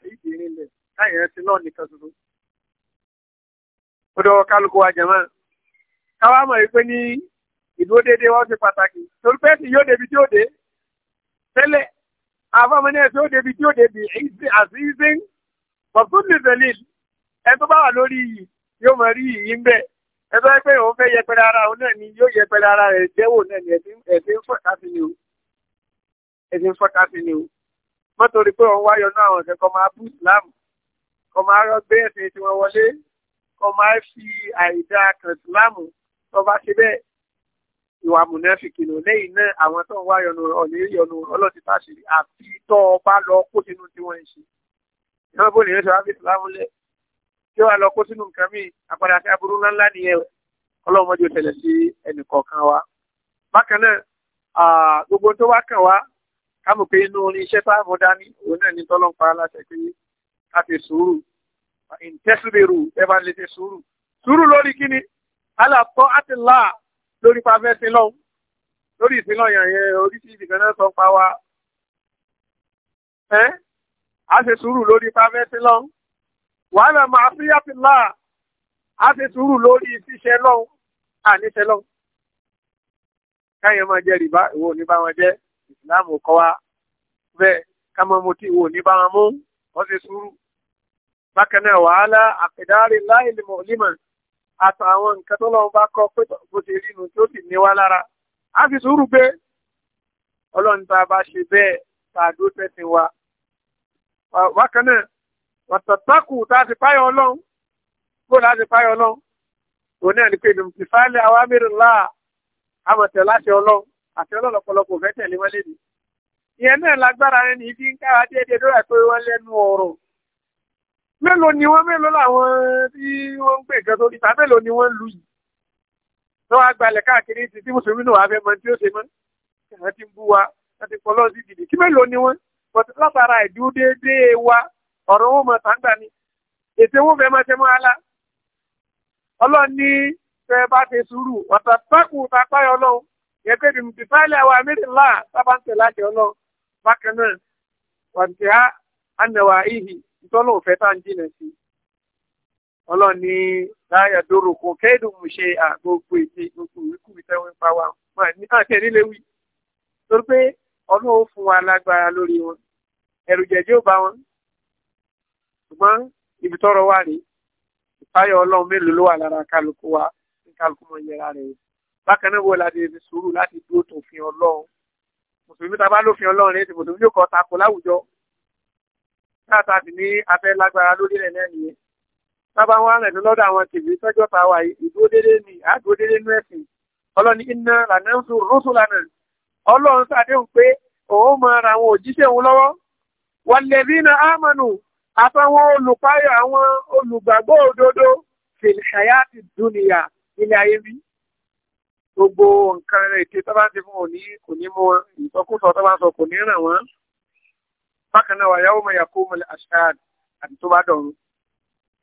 tẹ́lẹ̀ àfọ́mọ́ni ẹ̀sẹ̀ ó débi tí ó débi àti ìsìn bọ̀tún ní zelil ẹ tó bá wà lórí yìí yóò máa rí yìí ń bẹ̀ ẹ tó pé òun fẹ́ yẹpẹrẹ ara òun náà ni yóò yẹpẹrẹ ara rẹ̀ jẹ́wò náà ni ẹ̀sìn fọ́ta sí ni o ẹ̀sìn fọ́ta sí ni o mọ́tò rí pé òun wáyọ̀ náà àwọn ọ̀sẹ̀kọ́ máa bú islam kọ́ máa gbé ẹ̀sìn tí wọ́n wọlé kọ́ máa fi àìdá kan islam tó bá ṣe bẹ́ẹ̀ ìwà mùnẹ́fìkì lò lẹ́yìn náà àwọn tó ń wá yọnu ọ̀nà yọnu ọlọ́tí tá a ṣe àti tó o bá lọ kó sínú tí wọ́n ń ṣe. ìyá bó lè sọ ábí ìsìlámúlẹ̀ tí wàá lọ kó sínú nǹkan míì àpàdé àti aburú ńláńlá nìyẹn ọlọ́mọdé tẹ̀lẹ̀ sí ẹnì kọ̀ọ̀kan wa. bákan náà gbogbo tó wá kàn wá ká mọ̀ pé inú orin iṣẹ́ tá a mọ̀ dání òun náà ní tọ́lọ́ sùúrù lórí kíni alàpọ̀ àti láà lórí pàfẹ́ sílọ́ lórí ìsìnlọ́ yàn yẹn oríṣiríṣi kan náà sọ pa wa ẹ́ a ṣe sùúrù lórí pàfẹ́ sílọ́ wàhálà máa fi yàtì láà a ṣe sùúrù lórí ṣíṣe lọ́hùn àníṣe lọ́hùn káyọ̀ máa jẹ rìbá ìwọ ní bá wọn jẹ ìsìláàmù kọ́ wa bẹ́ẹ̀ ká máa mutí ìwọ ò ní bá wọn mú wọ́n ṣe sùúrù bákan náà wàhálà àkèdárè láìlì mọ̀ọ́límọ̀ àtàwọn nǹkan tó lọ́wọ́ bá kọ́ pé bó ṣe rí inú tí ó sì ní wá lára a fi sùúrù gbé ọlọ́run tá a bá ṣe bẹ́ẹ̀ tá a dúró tẹ̀sìn wa bákan náà wàtàtàkù tá a ti páyọ̀ ọlọ́run bó la ti páyọ̀ ọlọ́run òun náà ni pé ìdùnnú ti fáálẹ̀ àwọn amírùnlá àmọ̀tẹ̀ láṣẹ ọlọ́run àti ọlọ́run ọ̀pọ̀lọpọ̀ fẹ́ tẹ̀lé wọn lé ìyẹn náà lágbára rẹ ní ibi ń kára díẹ̀ lórí àpéwé wọn lẹ́nu ọ̀rọ̀ mélòó ni wọ́n mélòó làwọn tí wọ́n ń gbé nǹkan tó níta mélòó ni wọ́n ń lu yìí tó wá gbalẹ̀ káàkiri ti tí mùsùlùmí náà wà fẹ́ mọ tí ó ṣe mọ́ ẹ̀rọ ti ń bú wa wọ́n ti pọ̀ lọ́sí ìdìbò kí mélòó ni wọ́n bọ̀tí látara ìdúró déédéé wa ọ̀rọ̀ wọn mọ̀ tàǹgbà ni ètò wọn fẹ́ máa ṣe mọ́ ala ọlọ́run ní tẹ bá ti sùúrù ọ̀tà tákù tápá ọlọ́run yẹ pé bí bífáìlì àwọn amídìlá sábà ń tẹ̀ láti ọlọ́run bákan náà wọ̀ntì á ànàwà ìhì ìtọ́lọ̀ òfẹ́ tá à ń jìnà sí ọlọ́run ní láyà dóró kan kẹ́ẹ̀dùn mú ṣe àgbogbo èdè gbogbo ìwíkú ìtẹ́wọ́n pa wa máa ní àti ah, ẹni léwu torí pé ọlọ́run ó fún wa lágbára lórí wọn ẹ̀rù jẹ̀jẹ̀ ò bá wọn ṣùgbọ́n ibi tọ́rọ̀ wà rèé ìfáyọ̀ ọlọ́run mélòó ló wà lára kálukú wa ní kálukú mọ̀ yẹra rẹ̀ bákan náà wọ́n láti fi sùúrù láti dúró tó ọlọ́run mùsùlùmí ta bá lófin ọlọ́run káàtà sì ní afẹ́ lágbára lórílẹ̀ náà nìyẹn sábà wọn rẹ̀ lọ́dọ̀ àwọn tìbí tọ́jọ́ ta wà yìí ìdúró déédéé ni àdúró déédéé nú ẹ̀sìn ọlọ́ni iná lànà ń sùn rúṣù lànà ọlọ́run sàdéhùn pé òun máa ra àwọn òjíṣẹ́ òun lọ́wọ́ wàlẹ́bínà ámànù àtàwọn olùpáyọ̀ àwọn olùgbàgbọ́ òdodo fèlìṣàyà ti dúnìyà ilé ayé bí gbogbo nǹkan ètè tó bá ti fún òní kò ní mú ìsọkúsọ tó bá sọ kò ní ràn wọ́n bákan náà wàyáwó mọ̀ yàkó mọ̀lẹ̀ àṣàd àti tó bá dọ̀rùn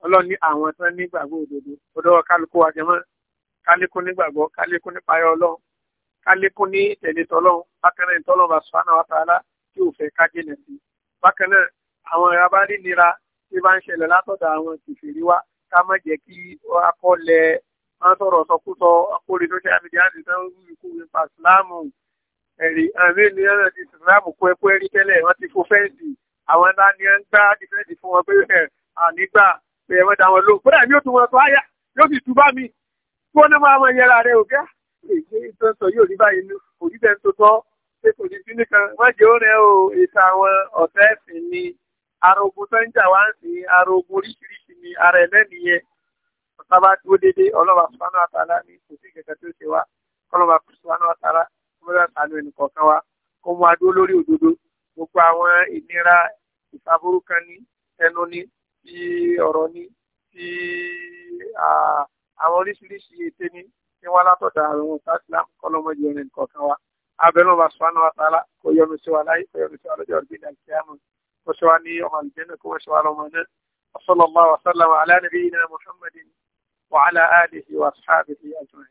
ọlọ́run ní àwọn tán nígbàgbọ́ òdodo òdòwò kálukú wa jẹmọ́ kálékún nígbàgbọ́ kálékún nípa ayọ̀ ọlọ́run kálékún ní tẹ̀lé tọlọ́run bákan náà ìtọ́lọ́run bá sọ́nà wa tààlà tí ò fẹ́ ká jìnà sí bákan náà àwọn ìyàbá rí nira tí bá ń ṣẹlẹ̀ látọ̀dọ̀ àwọn kìfìrí wa ká má jẹ́ kí akọ́lẹ̀ máa sọ̀rọ̀ sọkúsọ akórinú ṣáà ẹ̀rí àmì ènìyàn náà ti sùn láàbù kó ẹkú ẹrí tẹ́lẹ̀ wọ́n ti fò fẹ́ǹsì àwọn ńlá ni ń gbá dìfẹ́ǹsì fún wọn pé ẹ̀ ànígbà pé ẹ̀ wọ́n da wọn lóhùn kódà yóò tún wọn tó àyà yóò sì tú bá mi kí wọ́n náà máa mọ ìyẹra rẹ̀ òkè èyí tó ń sọ yóò rí báyìí ní òbí bẹ́ẹ̀ tó tọ́ pé kò ní sí nìkan wọ́n jẹ́ òun rẹ̀ o ètò àwọn ọ̀tá ẹ̀sìn ni ara ogun tó ń jà wá ń sìn ara ogun oríṣiríṣi ni ara ẹlẹ́nìyẹn ọ̀tá bá dúró déédéé ọlọ́wà sùpánù àtàlà ní kò sí ìkẹ̀kẹ́ tó ṣe wá ọlọ́wà sùpánù àtàlà mọ́tà sànú ẹnì kọ̀ọ̀kan wa kó mú adó lórí òdodo gbogbo àwọn ìnira ìfaburúkan ní ẹnu ní ti ọ̀rọ̀ ní ti àwọn oríṣiríṣi ète ní tí wọ́n látọ̀dá àwọn sásìlá kọ́lọ́mọ́jì ẹnì kọ̀ọ̀kan wa abẹ́nu wa sọ́nà wa sálá kó yọnu sí wa láyé kó yọnu sí wa lọ́jọ́ ọ̀gbìn àkíyàmù kó ṣe wa ní ọmọ àlùjẹ́nà kó ṣe wa lọ́mọ náà وصلى الله وسلم على نبينا محمد وعلى آله وأصحابه أجمعين